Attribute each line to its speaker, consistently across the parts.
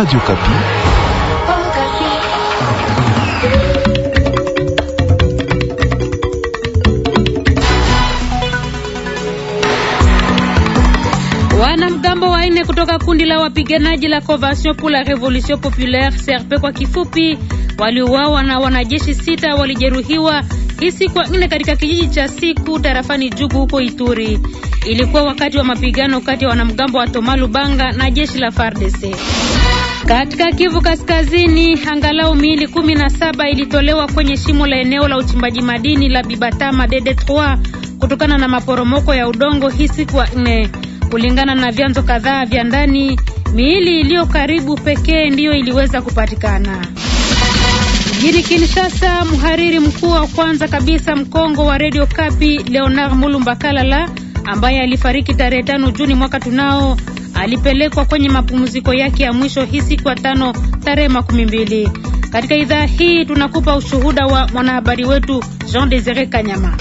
Speaker 1: Radio Kapi.
Speaker 2: Wanamgambo wanne kutoka kundi la wapiganaji la Convention pour la Révolution Populaire CRP kwa kifupi, waliuawa na wanajeshi sita walijeruhiwa hii siku ya nne katika kijiji cha Siku tarafani Jugu huko Ituri. Ilikuwa wakati wa mapigano kati ya wanamgambo wa Toma Lubanga na jeshi la FARDC. Katika Kivu Kaskazini, angalau miili 17 ilitolewa kwenye shimo la eneo la uchimbaji madini la Bibatama DD3 kutokana na maporomoko ya udongo hii siku ya nne, kulingana na vyanzo kadhaa vya ndani. Miili iliyo karibu pekee ndiyo iliweza kupatikana. Mjini Kinshasa, mhariri mkuu wa kwanza kabisa Mkongo wa Radio Kapi Leonard Mulumbakalala ambaye alifariki tarehe tano Juni mwaka tunao alipelekwa kwenye mapumziko yake ya mwisho hii siku ya tano tarehe makumi mbili. Katika idhaa hii tunakupa ushuhuda wa mwanahabari wetu Jean Desire Kanyama.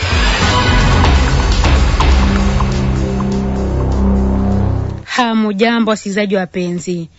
Speaker 2: Hamujambo wasikilizaji wapenzi.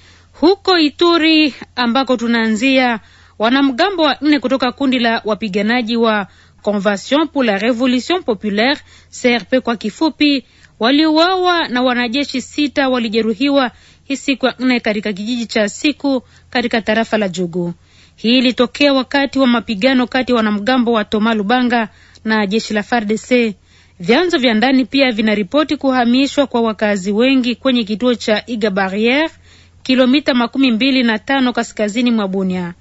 Speaker 2: Huko Ituri ambako tunaanzia, wanamgambo wa nne kutoka kundi la wapiganaji wa Convention pour la Revolution Populaire CRP kwa kifupi waliuawa na wanajeshi sita walijeruhiwa hii siku ya nne katika kijiji cha Siku katika tarafa la Jugu. Hii ilitokea wakati wa mapigano kati ya wanamgambo wa Toma Lubanga na jeshi la FARDC. Vyanzo vya ndani pia vinaripoti kuhamishwa kwa wakazi wengi kwenye kituo cha Iga Barriere, kilomita makumi mbili na tano kaskazini mwa Bunia.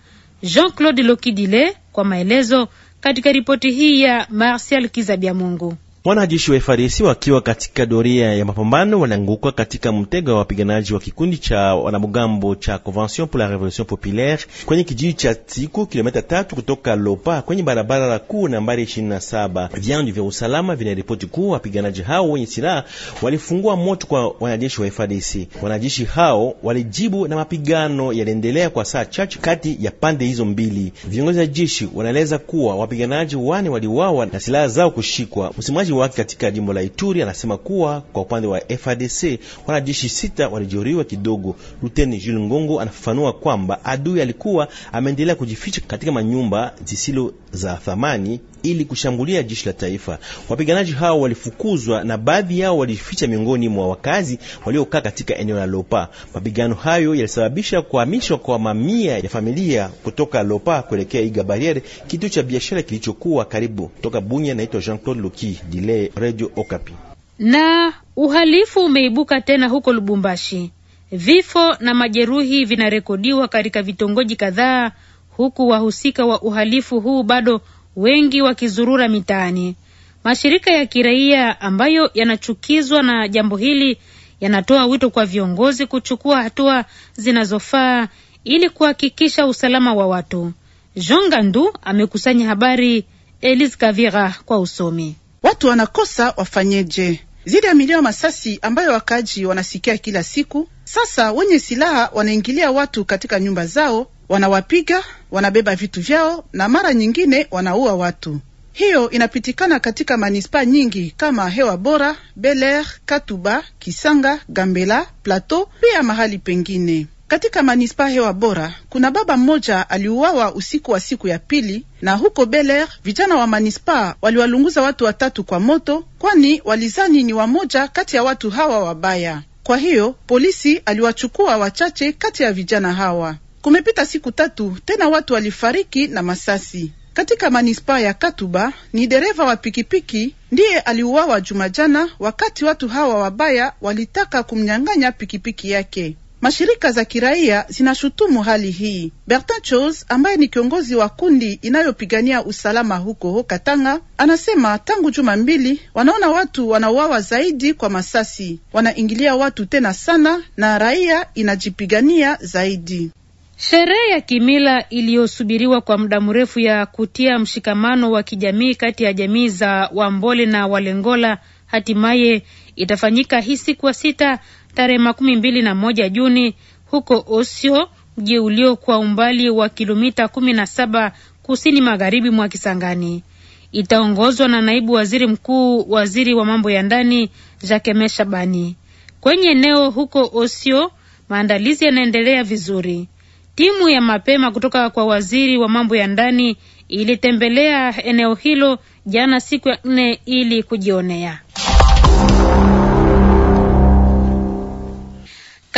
Speaker 2: Jean-Claude Lokidile kwa maelezo katika ripoti hii ya Martial Kizabiamungu.
Speaker 3: Wanajeshi wa FARDC wakiwa katika doria ya mapambano walianguka katika mtego wa wapiganaji wa kikundi cha wanamgambo cha Convention pour la Revolution Populaire kwenye kijiji cha Tiku, kilomita tatu kutoka Lopa kwenye barabara la kuu nambari 27. Vyanzo vya usalama vinaripoti kuwa wapiganaji hao wenye silaha walifungua moto kwa wanajeshi wa FARDC. Wanajeshi hao walijibu na mapigano yaliendelea kwa saa chache kati ya pande hizo mbili. Viongozi wa jeshi wanaeleza kuwa wapiganaji wane waliuawa na silaha zao kushikwa. Msemaji wake katika jimbo la Ituri anasema kuwa kwa upande wa FADC wanajeshi sita walijeruhiwa kidogo. Luteni Jules Ngongo anafafanua kwamba adui alikuwa ameendelea kujificha katika manyumba zisilo za thamani ili kushambulia jeshi la taifa. Wapiganaji hao walifukuzwa na baadhi yao walijificha miongoni mwa wakazi waliokaa katika eneo la Lopa. Mapigano hayo yalisababisha kuhamishwa kwa mamia ya familia kutoka Lopa kuelekea Iga Barriere, kituo cha biashara kilichokuwa karibu. Toka Bunya, naitwa Jean-Claude Luki. Gile, Radio Okapi.
Speaker 2: Na uhalifu umeibuka tena huko Lubumbashi. Vifo na majeruhi vinarekodiwa katika vitongoji kadhaa, huku wahusika wa uhalifu huu bado wengi wakizurura mitaani. Mashirika ya kiraia ambayo yanachukizwa na jambo hili yanatoa wito kwa viongozi kuchukua hatua zinazofaa ili kuhakikisha usalama wa watu. Jean Gandu
Speaker 4: amekusanya habari. Elise Kavira kwa usomi watu wanakosa wafanyeje? Zidi ya milio ya masasi ambayo wakaaji wanasikia kila siku. Sasa wenye silaha wanaingilia watu katika nyumba zao, wanawapiga, wanabeba vitu vyao na mara nyingine wanaua watu. Hiyo inapitikana katika manispaa nyingi kama Hewa Bora, beler Katuba, Kisanga, Gambela, Plateau pia mahali pengine. Katika manispa hewa bora kuna baba mmoja aliuawa usiku wa siku ya pili, na huko Beler vijana wa manispa waliwalunguza watu watatu kwa moto, kwani walizani ni wamoja kati ya watu hawa wabaya. Kwa hiyo polisi aliwachukua wachache kati ya vijana hawa. Kumepita siku tatu tena watu walifariki na masasi katika manispaa ya Katuba ni dereva wa pikipiki ndiye aliuawa jumajana wakati watu hawa wabaya walitaka kumnyang'anya pikipiki yake. Mashirika za kiraia zinashutumu hali hii. Bertin Chos ambaye ni kiongozi wa kundi inayopigania usalama huko Katanga anasema tangu juma mbili wanaona watu wanauawa zaidi kwa masasi, wanaingilia watu tena sana na raia inajipigania zaidi.
Speaker 2: Sherehe ya kimila iliyosubiriwa kwa muda mrefu ya kutia mshikamano wa kijamii kati ya jamii za Wambole na Walengola hatimaye itafanyika hii siku ya sita tarehe makumi mbili na moja Juni huko Osio, mji ulio kwa umbali wa kilomita kumi na saba kusini magharibi mwa Kisangani. Itaongozwa na naibu waziri mkuu, waziri wa mambo ya ndani Jakeme Shabani. Kwenye eneo huko Osio, maandalizi yanaendelea vizuri. Timu ya mapema kutoka kwa waziri wa mambo ya ndani ilitembelea eneo hilo jana siku ya nne ili kujionea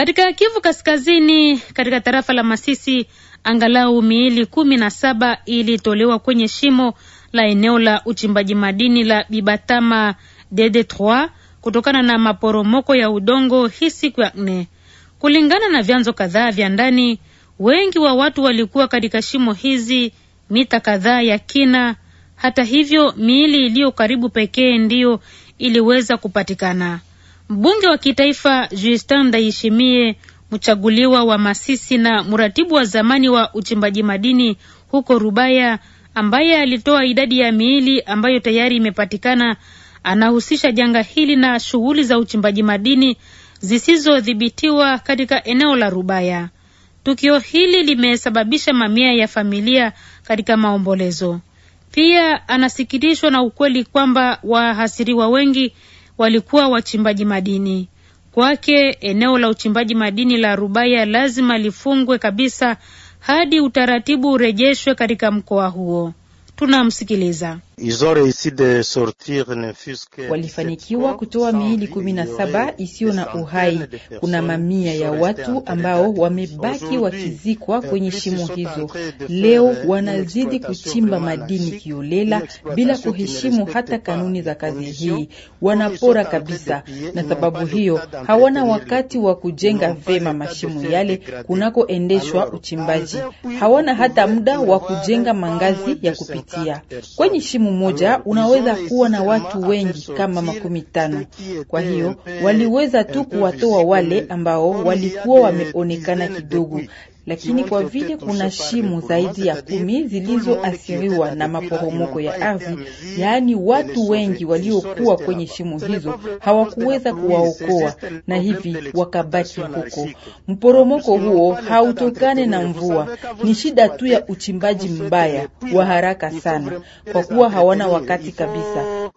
Speaker 2: Katika Kivu Kaskazini, katika tarafa la Masisi, angalau miili kumi na saba ilitolewa kwenye shimo la eneo la uchimbaji madini la Bibatama DD3 kutokana na maporomoko ya udongo hii siku ya nne. Kulingana na vyanzo kadhaa vya ndani, wengi wa watu walikuwa katika shimo hizi mita kadhaa ya kina. Hata hivyo, miili iliyo karibu pekee ndiyo iliweza kupatikana. Mbunge wa kitaifa Justin Ndayishimiye, mchaguliwa wa Masisi na mratibu wa zamani wa uchimbaji madini huko Rubaya, ambaye alitoa idadi ya miili ambayo tayari imepatikana, anahusisha janga hili na shughuli za uchimbaji madini zisizodhibitiwa katika eneo la Rubaya. Tukio hili limesababisha mamia ya familia katika maombolezo. Pia anasikitishwa na ukweli kwamba wahasiriwa wengi walikuwa wachimbaji madini. Kwake eneo la uchimbaji madini la Rubaya lazima lifungwe kabisa hadi utaratibu urejeshwe katika mkoa huo.
Speaker 5: Tunamsikiliza. Walifanikiwa kutoa miili kumi na saba isiyo na uhai. Kuna mamia ya watu ambao wamebaki wakizikwa kwenye shimo hizo. Leo wanazidi kuchimba madini kiolela bila kuheshimu hata kanuni za kazi hii. Wanapora kabisa, na sababu hiyo hawana wakati wa kujenga vema mashimo yale kunakoendeshwa uchimbaji. Hawana hata muda wa kujenga mangazi ya kupitia kwenye shimo sehemu moja unaweza kuwa na watu wengi kama makumi tano. Kwa hiyo waliweza tu kuwatoa wale ambao walikuwa wameonekana kidogo, lakini kwa vile kuna shimo zaidi ya kumi zilizoathiriwa na maporomoko ya ardhi, yaani watu wengi waliokuwa kwenye shimo hizo hawakuweza kuwaokoa na hivi wakabaki huko. Mporomoko huo hautokane na mvua, ni shida tu ya uchimbaji mbaya wa haraka sana, kwa kuwa hawana wakati kabisa.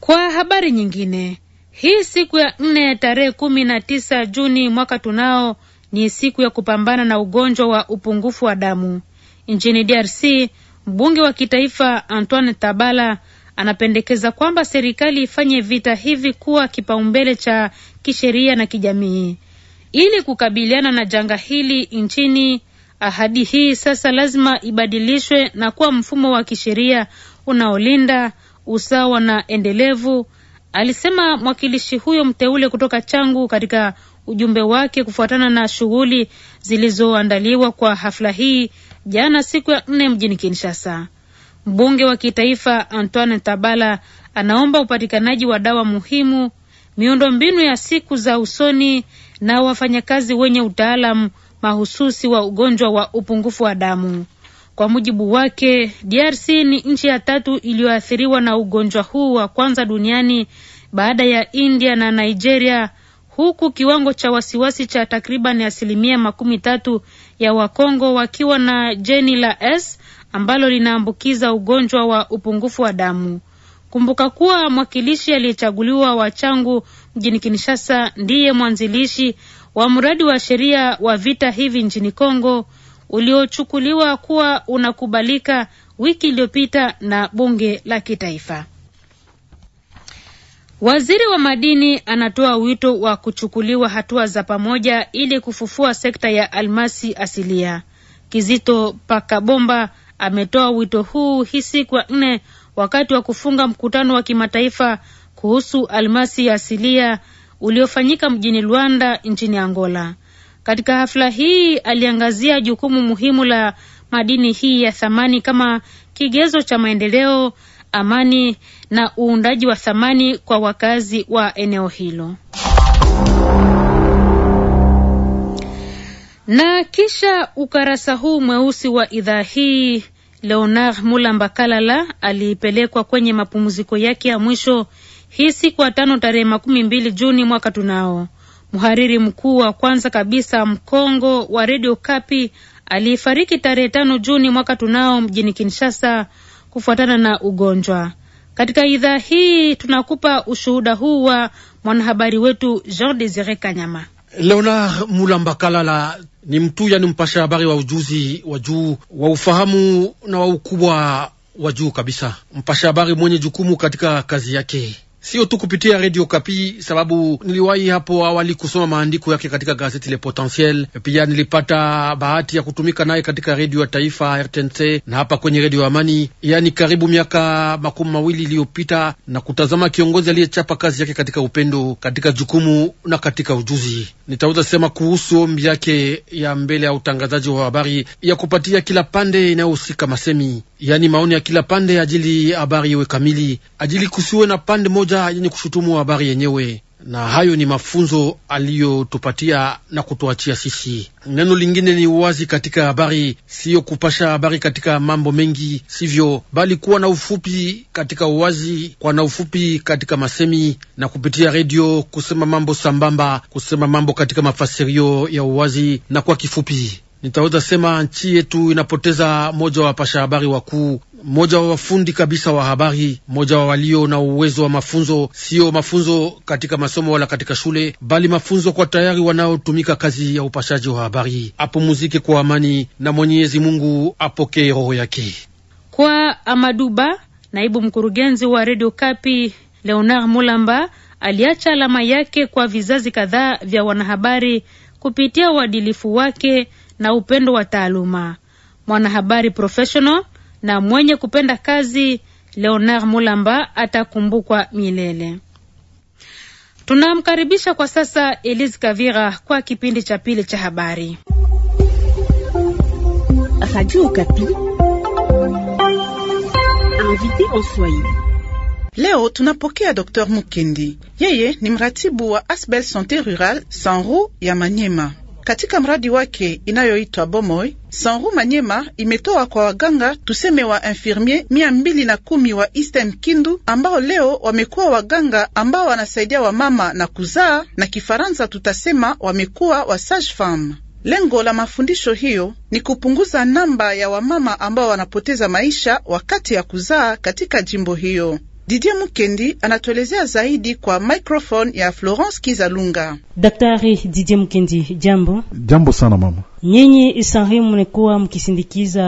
Speaker 2: Kwa habari nyingine, hii siku ya nne ya tarehe kumi na tisa Juni mwaka tunao ni siku ya kupambana na ugonjwa wa upungufu wa damu nchini DRC. Mbunge wa kitaifa Antoine Tabala anapendekeza kwamba serikali ifanye vita hivi kuwa kipaumbele cha kisheria na kijamii ili kukabiliana na janga hili nchini. Ahadi hii sasa lazima ibadilishwe na kuwa mfumo wa kisheria unaolinda usawa na endelevu, alisema mwakilishi huyo mteule kutoka Changu katika ujumbe wake kufuatana na shughuli zilizoandaliwa kwa hafla hii jana siku ya nne mjini Kinshasa. Mbunge wa kitaifa Antoine Tabala anaomba upatikanaji wa dawa muhimu, miundo mbinu ya siku za usoni na wafanyakazi wenye utaalamu mahususi wa ugonjwa wa upungufu wa damu. Kwa mujibu wake, DRC ni nchi ya tatu iliyoathiriwa na ugonjwa huu wa kwanza duniani baada ya India na Nigeria, huku kiwango cha wasiwasi cha takriban asilimia makumi tatu ya Wakongo wakiwa na jeni la S ambalo linaambukiza ugonjwa wa upungufu wa damu. Kumbuka kuwa mwakilishi aliyechaguliwa wa Changu mjini Kinshasa ndiye mwanzilishi wa mradi wa sheria wa vita hivi nchini Kongo uliochukuliwa kuwa unakubalika wiki iliyopita na bunge la kitaifa. Waziri wa madini anatoa wito wa kuchukuliwa hatua za pamoja ili kufufua sekta ya almasi asilia. Kizito Pakabomba ametoa wito huu hii siku ya nne wakati wa kufunga mkutano wa kimataifa kuhusu almasi asilia uliofanyika mjini Luanda nchini Angola. Katika hafla hii aliangazia jukumu muhimu la madini hii ya thamani kama kigezo cha maendeleo amani na uundaji wa thamani kwa wakazi wa eneo hilo. Na kisha ukarasa huu mweusi wa idhaa hii, Leonard Mulamba Kalala alipelekwa kwenye mapumziko yake ya mwisho hii siku ya tano tarehe makumi mbili Juni mwaka tunao. Mhariri mkuu wa kwanza kabisa Mkongo wa redio Kapi aliyefariki tarehe tano Juni mwaka tunao mjini Kinshasa kufuatana na ugonjwa. Katika idhaa hii tunakupa ushuhuda huu wa mwanahabari wetu Jean Desire Kanyama.
Speaker 6: Leonard Mulambakalala ni mtu yani mpasha habari wa ujuzi wa juu wa ufahamu na wa ukubwa wa juu kabisa, mpasha habari mwenye jukumu katika kazi yake sio tu kupitia redio Kapi, sababu niliwahi hapo awali kusoma maandiko yake katika gazeti Le Potentiel. Pia nilipata bahati ya kutumika naye katika redio ya taifa RTNC na hapa kwenye redio Amani, yaani karibu miaka makumi mawili iliyopita, na kutazama kiongozi aliyechapa kazi yake katika upendo, katika jukumu na katika ujuzi. Nitaweza sema kuhusu ombi yake ya mbele ya utangazaji wa habari ya kupatia kila pande inayohusika masemi yani maoni ya kila pande ajili habari iwe kamili, ajili kusiwe na pande moja yenye kushutumu habari yenyewe. Na hayo ni mafunzo aliyotupatia na kutuachia sisi. Neno lingine ni uwazi katika habari, siyo kupasha habari katika mambo mengi, sivyo, bali kuwa na ufupi katika uwazi, kwa na ufupi katika masemi na kupitia redio, kusema mambo sambamba, kusema mambo katika mafasirio ya uwazi na kwa kifupi nitaweza sema nchi yetu inapoteza moja wa wapasha habari wakuu, mmoja wa wafundi kabisa wa habari, mmoja wa walio na uwezo wa mafunzo, sio mafunzo katika masomo wala katika shule, bali mafunzo kwa tayari wanaotumika kazi ya upashaji wa habari. Apumuzike kwa amani na Mwenyezi Mungu apokee roho yake.
Speaker 2: Kwa Amaduba, naibu mkurugenzi wa redio Kapi, Leonard Mulamba aliacha alama yake kwa vizazi kadhaa vya wanahabari kupitia uadilifu wake na upendo wa taaluma. Mwanahabari professional na mwenye kupenda kazi, Leonard Mulamba atakumbukwa milele. Tunamkaribisha kwa sasa Elise Kavira kwa kipindi cha pili cha habari.
Speaker 4: Leo tunapokea Dr. Mukendi. Yeye ni mratibu wa Asbel Santé Rural Sanru ya Manyema. Katika mradi wake inayoitwa bomoy Sanru Manyema imetoa kwa waganga tuseme wa infirmier mia mbili na kumi wa Eastern Kindu ambao leo wamekuwa waganga ambao wanasaidia wamama na kuzaa, na Kifaransa tutasema wamekuwa wa sage femme. Lengo la mafundisho hiyo ni kupunguza namba ya wamama ambao wanapoteza maisha wakati ya kuzaa katika jimbo hiyo. Didier Mukendi anatuelezea zaidi kwa microphone ya Florence Kizalunga.
Speaker 7: Daktari Didier Mukendi, jambo.
Speaker 1: Jambo sana mama.
Speaker 7: Nyinyi Isanrimu kuwa mkisindikiza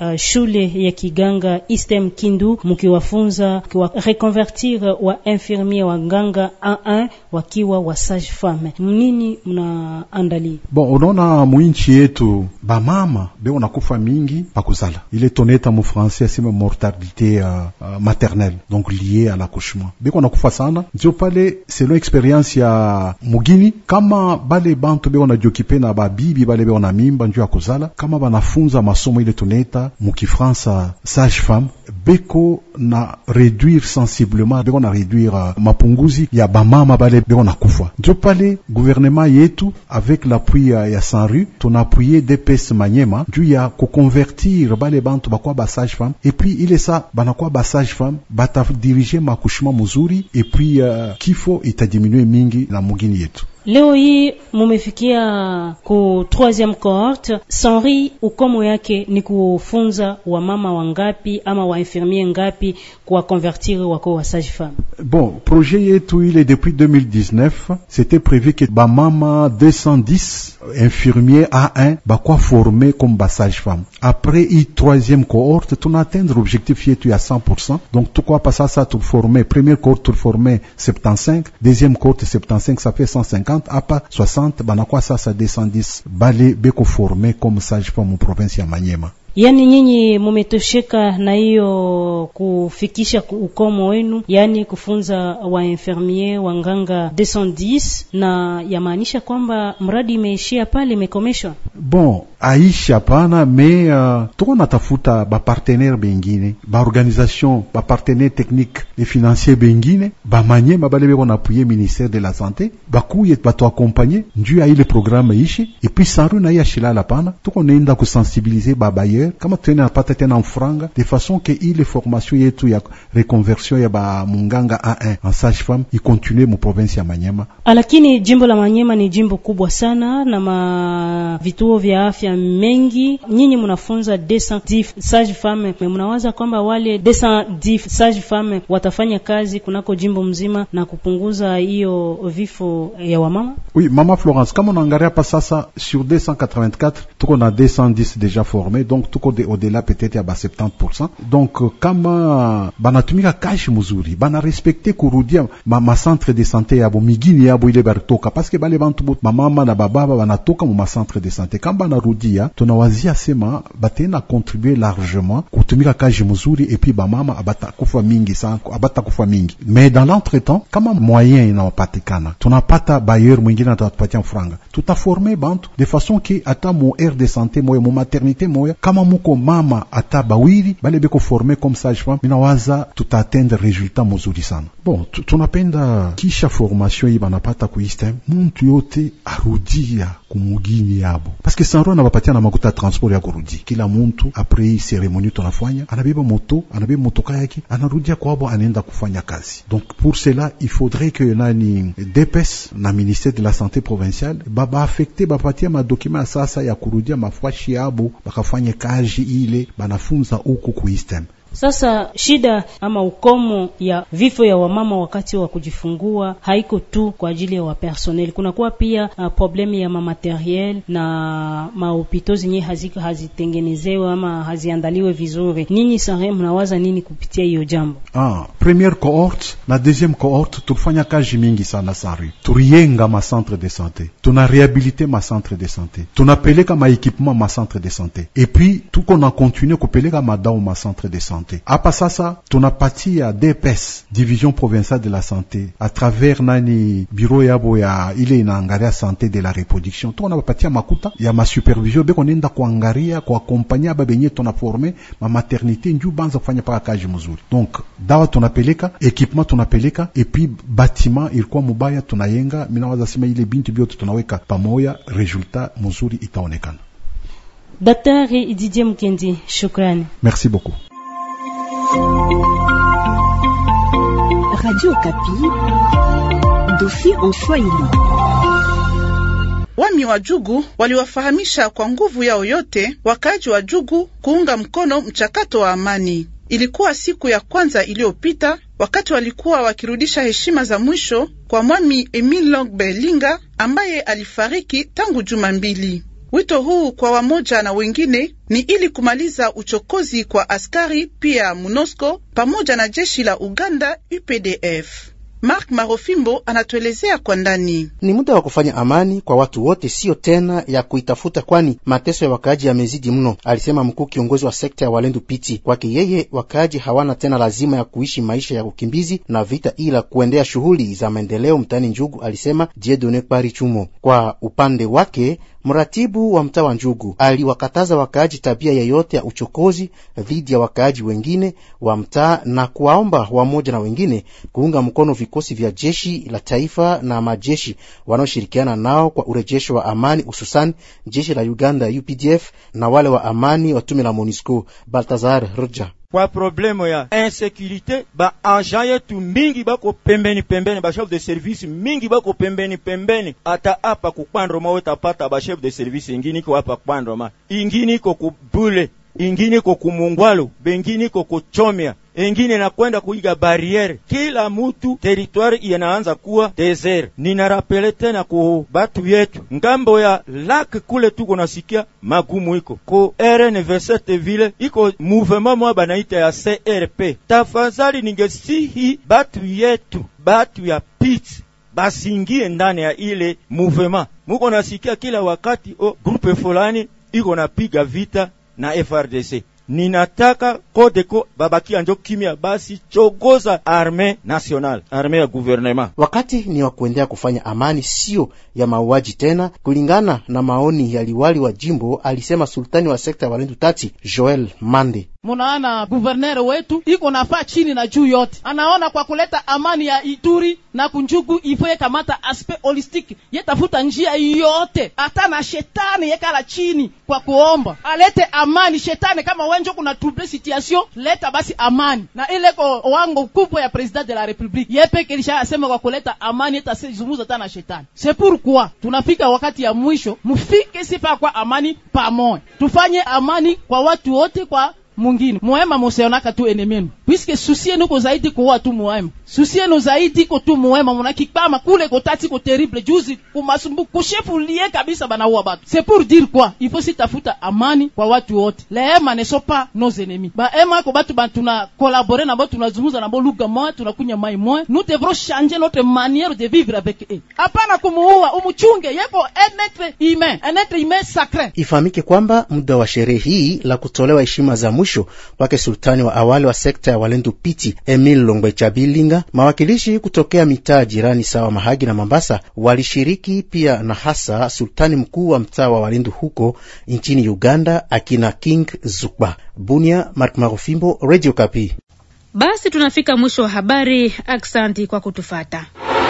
Speaker 7: uh, shule ya kiganga Istem Kindu, mkiwafunza mkiwa reconvertir wa infirmier wa nganga A1 wakiwa wa sage femme, mnini mnaandalia?
Speaker 1: Bon, unaona mwinchi yetu bamama beona kufa mingi pakuzala, ile toneta mu français asema mortalité uh, uh, maternelle donc lié à l'accouchement, beko nakufa sana, ndio pale selon experience ya mugini, kama bale bantu beona jokipe na babibi bale beona mimba njo ya kuzala kama banafunza masomo ile tunaita mukifransa sage femme beko na réduire sensiblement beko na réduire euh, mapunguzi ya bamama bale beko na kufa. Njo pale gouvernement yetu avec l'appui uh, ya Sanru tunaapuye DPS Manyema juu ya kukonvertir bale bantu bakwa ba sage femme et puis ile sa banakuwa ba sage femme batadirige makushima muzuri et puis uh, kifo itadiminue mingi na mugini yetu.
Speaker 7: Leo hii mumefikia ku troisieme cohorte. Sanri ukomo yake ni kufunza wamama wangapi ama wainfirmier ngapi convertir wako wa sage femme?
Speaker 1: Bon, projet yetu ile depuis 2019 c'était prévu que bamama 210 infirmier A1 quoi former comme ba femme. Après i troisième cohorte tuna atteindre objectif yetu à 100%, donc quoi ça, tout tuforme, premier cohorte tuforme 75, deuxième cohorte 75, ça fait 150 50 hapa 60 banakuwa sasa 210 bale beko forme comme sage pa mu province ya Manyema.
Speaker 7: Yaani nyinyi mumetosheka na hiyo kufikisha ukomo wenu, yaani kufunza wa wa nganga 210, na yamaanisha kwamba mradi imeishia pale, imekomeshwa
Speaker 1: bon aishi hapana me uh, tuko natafuta bapartenere bengine baorganization bapartenere technique e financier bengine bamanye babale beko na apuye ministère de la santé bakuye batuakompanye njuu ya ile programe ishi epuis sanru na iya shilala pana tuko naenda kusensibilize babayeur kama tuene napata tena mfuranga de façon ke ile formation yetu ya reconversion ya bamunganga A1 en sage femme ikontinue mu province ya Manyema.
Speaker 7: Ah, lakini jimbo la Manyema ni jimbo kubwa sana na ma vya afya mengi. Nyinyi mnafunza 210 sage femme, mnawaza kwamba wale 210 sage femme watafanya kazi kunako jimbo mzima na kupunguza hiyo vifo ya wamama?
Speaker 1: Oui, mama Florence, kama unaangalia hapa sasa sur 284 tuko na 210 deja formé, donc tuko de au-delà peut-être ya ba 70%. Donc euh, kama banatumika kashi mzuri, bana respecte kurudia ma, ma centre de santé yabo migini yabo ile baritoka, parce que bale bantu mama na bababa banatoka mu ma centre de santé kamba na tunarudia tunawazia sema batena kontribue largement kutumika kazi mzuri, epi bamama abatakufa mingi sana, abatakufa mingi mais dans l'entretemps, kama moyen inawapatikana tunapata bayer mwingine atatupatia franga, tutaforme bantu de façon ke ata mu aire de santé moya mu maternité moya kama muko mama ata bawili bale beko forme comme sage femme, minawaza tutaatendre resultat mzuri sana. Bon, tunapenda kisha formation hii banapata kuiste, muntu yote arudia kumugini yabo parce que sanro na wanapatia na makuta ya transport ya kurudi. Kila muntu apres hii seremoni tunafanya, anabeba moto, anabeba motoka yake, anarudia kwabo, anaenda kufanya kazi. Donc pour cela il faudrait que nani DPS na ministère de la santé provinciale baba babaaffecte bapatia madokima ya sasa ya kurudia mafashi yabo, bakafanye kazi ile banafunza huko kuistem
Speaker 7: Sasa shida ama ukomo ya vifo ya wamama wakati wa kujifungua haiko tu kwa ajili ya wapersonel, kunakuwa pia uh, problemu ya mamateriel na mahopito zenye hazitengenezewe ama haziandaliwe vizuri. Ninyi sare mnawaza nini kupitia hiyo jambo?
Speaker 1: Ah, premiere cohorte na deuxième cohorte tulifanya kazi mingi sana sare, turiyenga ma centre de santé, tuna rehabilite ma centre de santé, tunapeleka ma equipement ma centre de santé, et puis tuko na continue kupeleka madawa ma centre de santé santé. ton sasa tunapatia DPS, division provinciale de la santé, à travers nani bureau Yaboya, il est ile inaangalia santé de la reproduction, tuko à makuta ya masupervision beko nenda kuangalia kuakompanya babenye tunaforme ma maternité njuu banza kufanya paka kazi Donc dawa équipement equipement apeleka, et puis bâtiment il ayenga, mubaya tunayenga, minawaza sema ile bintu biote tunaweka pamoja, résultat, mzuri itaonekana.
Speaker 7: Daktari Didier Mukendi, shukrani. Merci beaucoup. Radio en Swahili.
Speaker 4: Wami wa Jugu waliwafahamisha kwa nguvu yao yote wakaaji wa Jugu kuunga mkono mchakato wa amani. Ilikuwa siku ya kwanza iliyopita wakati walikuwa wakirudisha heshima za mwisho kwa Mwami emil Longbe Linga ambaye alifariki tangu juma mbili. Wito huu kwa wamoja na wengine ni ili kumaliza uchokozi kwa askari pia MONUSCO pamoja na jeshi la Uganda UPDF. Mark Marofimbo anatuelezea kwa ndani. Ni muda
Speaker 8: wa kufanya amani kwa watu wote, siyo tena ya kuitafuta, kwani mateso ya wakaaji yamezidi mno, alisema mkuu kiongozi wa sekta ya Walendu Piti. Kwake yeye, wakaaji hawana tena lazima ya kuishi maisha ya ukimbizi na vita, ila kuendea shughuli za maendeleo mtaani Njugu, alisema Jedone Pari Chumo. Kwa upande wake, Mratibu wa mtaa wa Njugu aliwakataza wakaaji tabia yeyote ya uchokozi dhidi ya wakaaji wengine wa mtaa na kuwaomba wamoja na wengine kuunga mkono vikosi vya jeshi la taifa na majeshi wanaoshirikiana nao kwa urejesho wa amani, hususan jeshi la Uganda UPDF na wale wa amani wa tume la MONUSCO. Baltazar Roja
Speaker 3: kwa probleme ya ba baagent yetu mingi bako pembeni pembeni, bashef de service mingi bako pembeni pembeni. Ata apa kupandroma wetapata bashef de service, ingini iko apa kupandroma, ingini iko kubule, ingini iko kumungwalo, bengini iko kuchomia engine nakwenda kuiga bariere Kila mutu teritwari inaanza kuwa desert. Ninarapele tena ku batu yetu ngambo ya lake kule, tuko nasikia magumu iko ko RN27 vile iko mouvement mwa banaita ya CRP. Tafadhali ningesihi batu yetu, batu ya pits basingie ndani ya ile mouvement. Muko nasikia kila wakati o grupe fulani iko napiga vita na FRDC ninataka Kodeko babaki anjo kimya, basi chogoza arme national, arme ya guvernema. Wakati ni wa kuendelea kufanya amani, sio ya mauaji tena,
Speaker 8: kulingana na maoni ya liwali wa jimbo, alisema sultani wa sekta ya Walendu Tati Joel Mande.
Speaker 9: Munaona guvernere wetu iko nafaa chini na juu yote, anaona kwa kuleta amani ya Ituri na kunjugu ifo yekamata aspect holistique, yetafuta njia yote, hata na shetani yekala chini kwa kuomba alete amani. Shetani kama wenjo kuna trouble situation, leta basi amani, na ile ko wango kubwa ya president de la republique yepeke lisha asema kwa kuleta amani, yetazumuza hata na shetani. C'est pourquoi tunafika wakati ya mwisho, mufike sipa kwa amani pamoja, tufanye amani kwa watu wote kwa mungine muema museonaka tu enemenu puisque susienu ko zaidi kuwa tu muema susienu zaidi ko tu muema munakikpama kule kotati ko terrible juzi kumasumbuku kushefu liye kabisa banauwa batu c'est pour dire quoi il faut sitafuta amani kwa watu wote leema ne so pas nos ennemis baema ko batu ba tuna collaborer nabo na nabo luga moya tunakunya mai moya nous devrons changer notre manière de vivre avec eux apana kumuuwa umuchunge yeko un être humain un être humain sacré
Speaker 8: ifahamike kwamba muda wa sherehe hii la kutolewa heshima za mwili mwisho wake sultani wa awali wa sekta ya Walendu Piti Emil Longwe Chabilinga. Mawakilishi kutokea mitaa jirani sawa Mahagi na Mambasa walishiriki pia, na hasa sultani mkuu wa mtaa wa Walendu huko nchini Uganda, akina King Zukba. Bunia, Mark Marufimbo, Radio Kapi.
Speaker 2: Basi tunafika mwisho wa habari. Aksanti kwa kutufata.